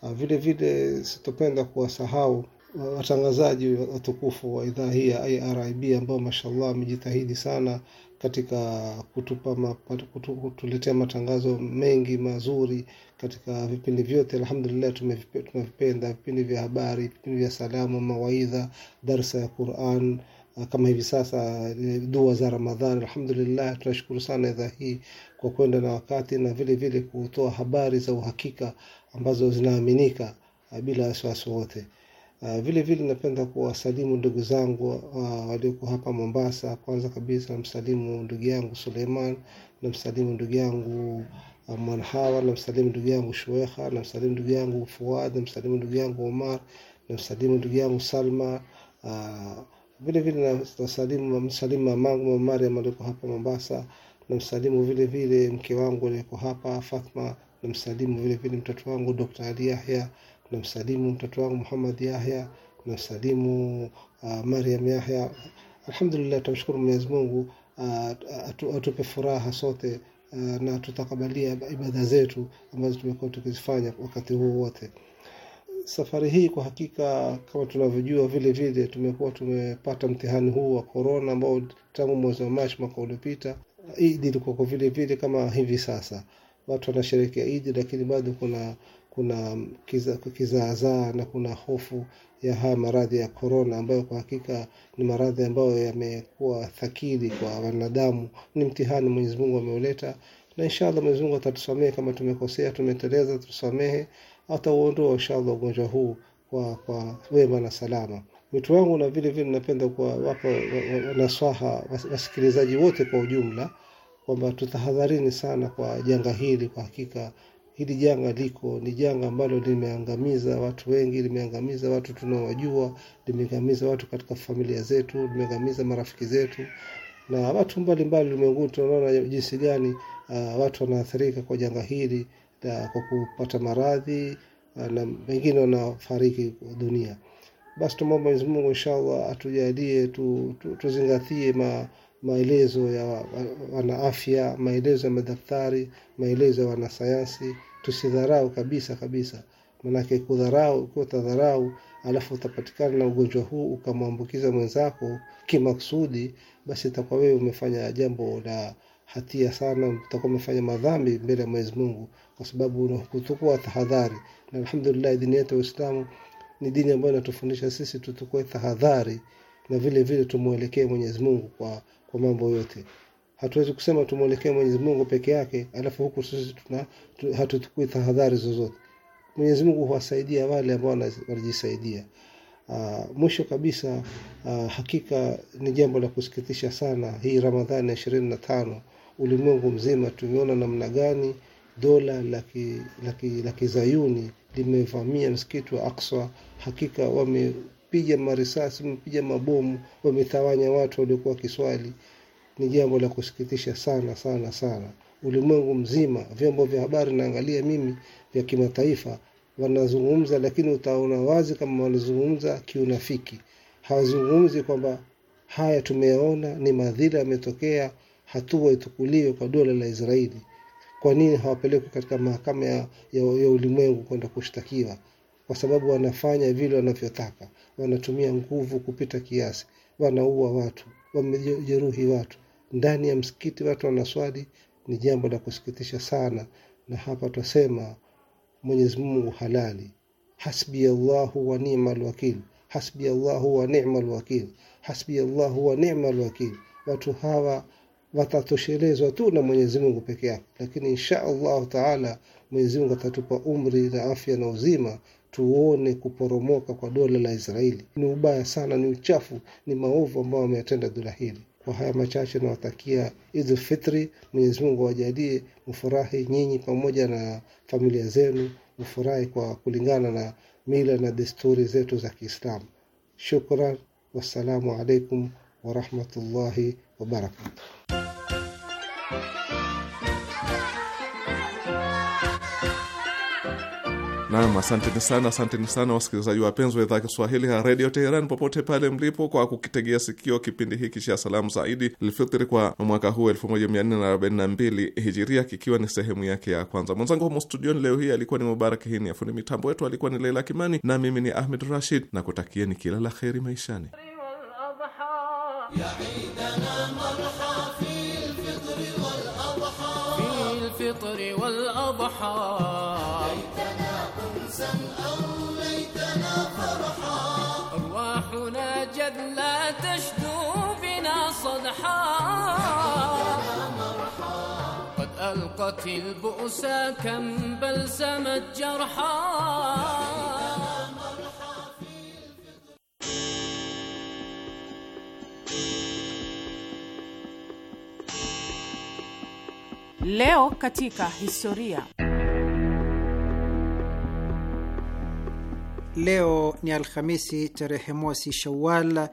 ah, vile vile sitopenda kuwasahau watangazaji watukufu wa idhaa hii ya IRIB ambao mashallah wamejitahidi sana katika kutupa kutu, kutuletea matangazo mengi mazuri katika vipindi vyote. Alhamdulillah, tunavipenda vipindi vya habari, vipindi vya salamu, mawaidha, darsa ya Quran uh, kama hivi sasa eh, dua za Ramadhani. Alhamdulillah, tunashukuru sana idhaa hii kwa kwenda na wakati na vile vile kutoa habari za uhakika ambazo zinaaminika uh, bila wasiwasi wote. Uh, vile vile napenda kuwasalimu ndugu zangu uh, walioko hapa Mombasa. Kwanza kabisa namsalimu ndugu yangu Suleiman, namsalimu ndugu yangu uh, ah, Mwanhawa, namsalimu ndugu yangu Shuekha, namsalimu ndugu yangu Fuad, namsalimu ndugu yangu Omar, namsalimu ndugu yangu Salma. Uh, vile vile namsalimu msalimu mamangu Mama Maria aliyoko hapa Mombasa, namsalimu vile vile mke wangu aliyeko hapa Fatma, namsalimu vile vile mtoto wangu Dr. Ali Yahya namsalimu mtoto wangu Muhammad Yahya, namsalimu uh, Mariam Yahya. Alhamdulillah, tumshukuru Mwenyezi Mungu uh, atupe furaha sote uh, na tutakabalia ibada zetu ambazo tumekuwa tukizifanya wakati huu wote. Safari hii kwa hakika, kama tunavyojua, vile vile tumekuwa tumepata mtihani huu wa korona ambao tangu mwezi wa Machi mwaka uliopita. Idi ilikuwa vile vile kama hivi sasa, watu wanasherehekea Idi, lakini bado kuna kuna kizaazaa na kuna hofu ya haya maradhi ya korona ambayo kwa hakika ni maradhi ambayo yamekuwa thakili kwa wanadamu. Ni mtihani Mwenyezi Mungu ameuleta, na inshallah Mwenyezi Mungu atatusamehe kama tumekosea, tumeteleza, tusamehe, atauondoa inshallah ugonjwa huu kwa kwa wema na salama. Wito wangu na vile vile napenda kuwapa wanaswaha wasikilizaji wote kwa ujumla kwamba tutahadharini sana kwa janga hili. Kwa hakika Hili janga liko, ni janga ambalo limeangamiza watu wengi, limeangamiza watu tunaowajua, limeangamiza watu katika familia zetu, limeangamiza marafiki zetu na watu mbalimbali ulimwenguni. Tunaona jinsi gani uh, watu wanaathirika kwa janga hili kwa kupata maradhi uh, na wengine wanafariki dunia. Basi tumwomba Mwenyezi Mungu inshallah atujalie tu, tu, tuzingatie ma maelezo ya wanaafya, maelezo ya madaktari, maelezo ya wanasayansi tusidharau kabisa kabisa manake kudharau ukiwa utadharau alafu utapatikana na ugonjwa huu ukamwambukiza mwenzako kimaksudi basi itakuwa wewe umefanya jambo la hatia sana utakuwa umefanya madhambi mbele ya mwenyezi mungu kwa sababu kutukua tahadhari na alhamdulillah dini yetu ya uislamu ni dini ambayo inatufundisha sisi tutukue tahadhari na vile vile tumwelekee mwenyezi mungu kwa, kwa mambo yote hatuwezi kusema tumwelekee Mwenyezi Mungu peke yake alafu huku sisi tuna hatuchukui tahadhari zozote. Mwenyezi Mungu huwasaidia wale ambao wanajisaidia. Ah, mwisho kabisa uh, hakika ni jambo la kusikitisha sana hii Ramadhani ya ishirini na tano ulimwengu mzima tumeona namna gani dola la kizayuni limevamia msikiti wa Aqsa. Hakika wamepiga marisasi, wamepiga mabomu, wametawanya watu waliokuwa wakiswali ni jambo la kusikitisha sana sana sana. Ulimwengu mzima, vyombo vya habari naangalia mimi vya kimataifa, wanazungumza, lakini utaona wazi kama wanazungumza kiunafiki. Hawazungumzi kwamba haya tumeyaona, ni madhira yametokea, hatua itukuliwe kwa dola la Israeli. Kwa nini hawapelekwi katika mahakama ya, ya, ya ulimwengu kwenda kushtakiwa? Kwa sababu wanafanya vile wanavyotaka, wanatumia nguvu kupita kiasi, wanaua watu, wamejeruhi watu ndani ya msikiti watu wanaswali ni jambo la kusikitisha sana na hapa twasema mwenyezi mungu halali hasbi allahu wa nima lwakil hasbi allahu wa nima lwakil hasbi allahu wa nima lwakil watu hawa watatoshelezwa tu na mwenyezi mungu peke yake lakini insha allahu taala mwenyezi mungu atatupa umri na afya na uzima tuone kuporomoka kwa dola la israeli ni ubaya sana ni uchafu ni maovu ambayo wameyatenda dola hili kwa haya machache nawatakia hizi Fitri, Mwenyezi Mungu awajalie mfurahi nyinyi pamoja na familia zenu, mfurahi kwa kulingana na mila na desturi zetu za Kiislamu. Shukran, wassalamu alaikum warahmatullahi wabarakatuh. Naam, asanteni sana, asanteni sana wasikilizaji wapenzi wa idhaa ya Kiswahili ya redio Teheran popote pale mlipo, kwa kukitegea sikio kipindi hiki cha salamu za Idi kwa mwaka huu 1442 hijiria, kikiwa ni sehemu yake ya kwanza. Mwenzangu humo studioni leo hii alikuwa ni mubaraki Hinia, afundi mitambo wetu alikuwa ni Leila Kimani na mimi ni Ahmed Rashid, na kutakieni kila la kheri maishani ya أرواحنا جد لا تشدو بنا صدحا قد ألقت البؤس كم بلسمت جرحا Leo katika historia. Leo ni Alhamisi tarehe mosi Shawal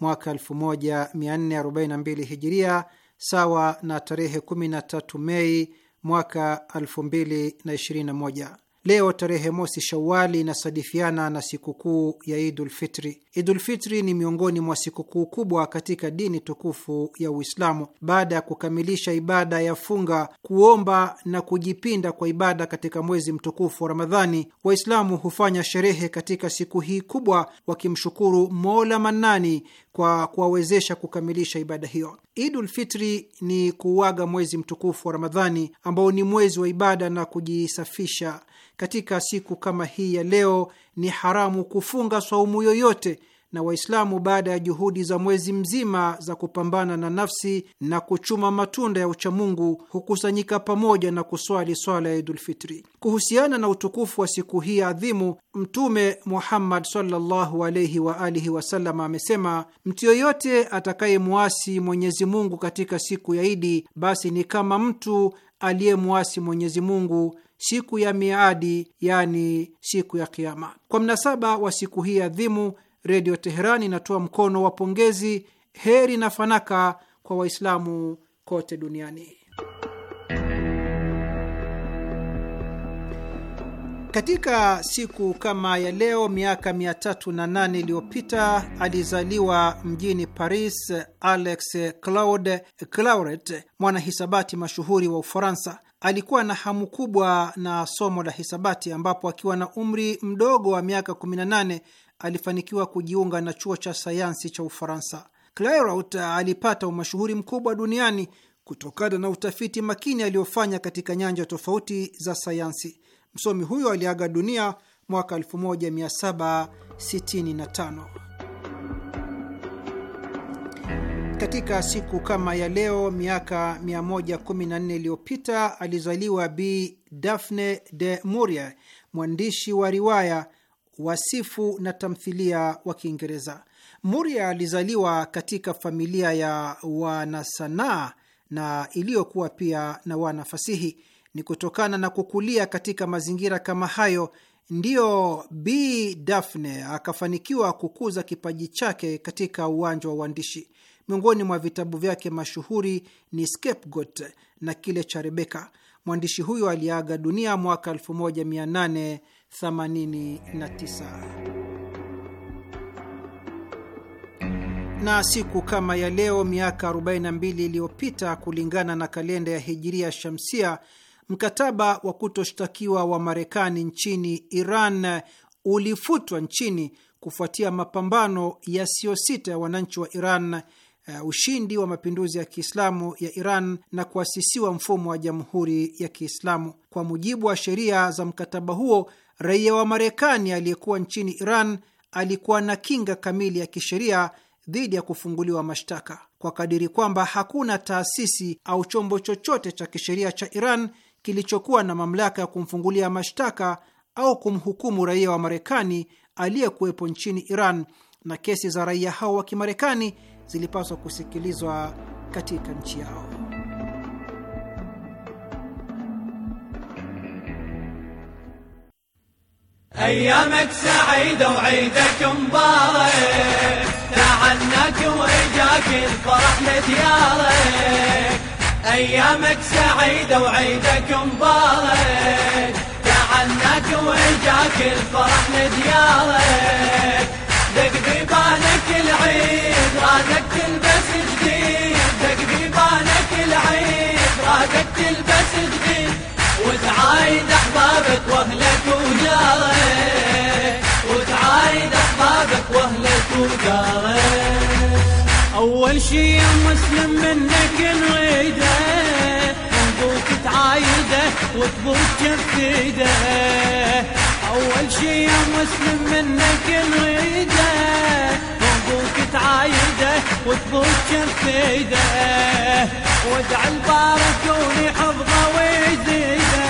mwaka 1442 Hijiria, sawa na tarehe 13 Mei mwaka 2021. Leo tarehe mosi Shawali inasadifiana na sikukuu ya Idulfitri. Idulfitri ni miongoni mwa sikukuu kubwa katika dini tukufu ya Uislamu. Baada ya kukamilisha ibada ya funga, kuomba na kujipinda kwa ibada katika mwezi mtukufu wa Ramadhani, Waislamu hufanya sherehe katika siku hii kubwa, wakimshukuru Mola Manani kwa kuwawezesha kukamilisha ibada hiyo. Idulfitri ni kuuaga mwezi mtukufu wa Ramadhani ambao ni mwezi wa ibada na kujisafisha katika siku kama hii ya leo ni haramu kufunga swaumu yoyote, na Waislamu baada ya juhudi za mwezi mzima za kupambana na nafsi na kuchuma matunda ya uchamungu hukusanyika pamoja na kuswali swala ya Idulfitri. Kuhusiana na utukufu wa siku hii adhimu, Mtume Muhammad sallallahu alaihi wa alihi wasallam amesema, mtu yoyote atakayemwasi Mwenyezi Mungu katika siku ya Idi, basi ni kama mtu aliyemwasi Mwenyezi Mungu siku ya miadi, yani siku ya Kiama. Kwa mnasaba wa siku hii adhimu, Redio Teherani inatoa mkono wa pongezi, heri na fanaka kwa Waislamu kote duniani. Katika siku kama ya leo miaka 308 iliyopita alizaliwa mjini Paris Alex Claude clauret mwanahisabati mashuhuri wa Ufaransa. Alikuwa na hamu kubwa na somo la hisabati, ambapo akiwa na umri mdogo wa miaka 18 alifanikiwa kujiunga na chuo cha sayansi cha Ufaransa. Clairaut alipata umashuhuri mkubwa duniani kutokana na utafiti makini aliyofanya katika nyanja tofauti za sayansi. Msomi huyo aliaga dunia mwaka 1765. Katika siku kama ya leo miaka 114 iliyopita alizaliwa Bi Daphne de Maurier, mwandishi wa riwaya, wasifu na tamthilia wa Kiingereza. Maurier alizaliwa katika familia ya wanasanaa na iliyokuwa pia na wanafasihi. Ni kutokana na kukulia katika mazingira kama hayo ndiyo Bi Daphne akafanikiwa kukuza kipaji chake katika uwanja wa uandishi. Miongoni mwa vitabu vyake mashuhuri ni Scapegoat na kile cha Rebeka. Mwandishi huyo aliaga dunia mwaka 1889. na siku kama ya leo miaka 42 iliyopita kulingana na kalenda ya Hijiria Shamsia, mkataba wa kutoshtakiwa wa Marekani nchini Iran ulifutwa nchini kufuatia mapambano yasiyosita ya wananchi wa Iran uh, ushindi wa mapinduzi ya Kiislamu ya Iran na kuasisiwa mfumo wa jamhuri ya Kiislamu. Kwa mujibu wa sheria za mkataba huo, raia wa Marekani aliyekuwa nchini Iran alikuwa na kinga kamili ya kisheria dhidi ya kufunguliwa mashtaka, kwa kadiri kwamba hakuna taasisi au chombo chochote cha kisheria cha Iran kilichokuwa na mamlaka ya kumfungulia mashtaka au kumhukumu raia wa Marekani aliyekuwepo nchini Iran, na kesi za raia hao wa Kimarekani zilipaswa kusikilizwa katika nchi yao. أيامك سعيدة وعيدك مبارك تعناك وإجاك الفرح لديارك أيامك سعيدة وعيدك مبارك تعناك وإجاك الفرح لديارك بيبانك العيد رادك تلبس بيبانك العيد رادك تلبس وتعايد احبابك واهلك وتعايد احبابك واهلك اول شي يا مسلم منك نريده مبروك تعايده وتبوك جفيده أول شي يا مسلم منك نريده وابوك تعايده وتبوك شفيده وادعى البارك حفظه ويزيده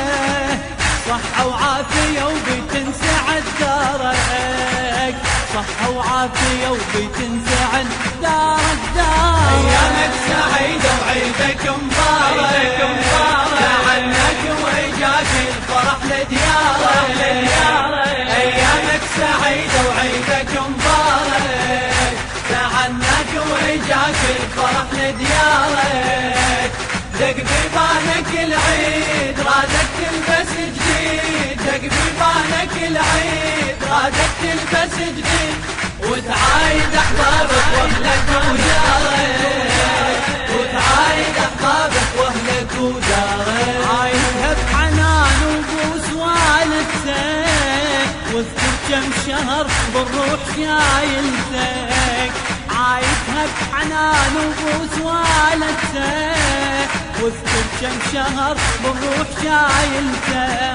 صحة وعافية وبتنسعد دارك صحة وعافية وبتنسعد دارك دارك أيامك سعيدة وعيدك مبارك تعنك وإجاك الفرح لديارك أيامك سعيدة وعيدك مبارك تعنك وإجاك الفرح لديارك دق بيبانك العيد راد تلبس جديد دق بطانك العيد رادك تلبس جديد وتعايد احبابك واهلك ودارك وتعايد احبابك واهلك ودارك عايدها بحنان وبوس والدتك واذكر كم شهر بالروح شايلتك عايدها بحنان وبوس والدتك واذكر كم شهر بالروح شايلته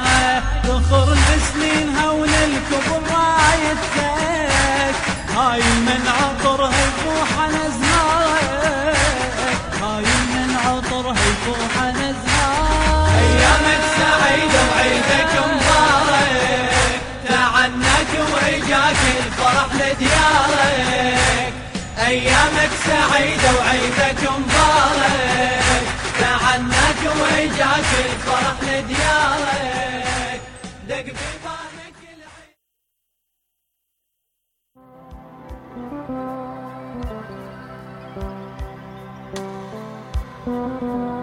ذخر السنين هون الكبر رايتك هاي من عطرها يفوح على زهرك هاي من عطرها يفوح على زهارك ايامك سعيده وعيدك مبارك تعنك وعجاك الفرح لديارك ايامك سعيده وعيدك مبارك غنى عنك وجاك الفرح لديارك دق العين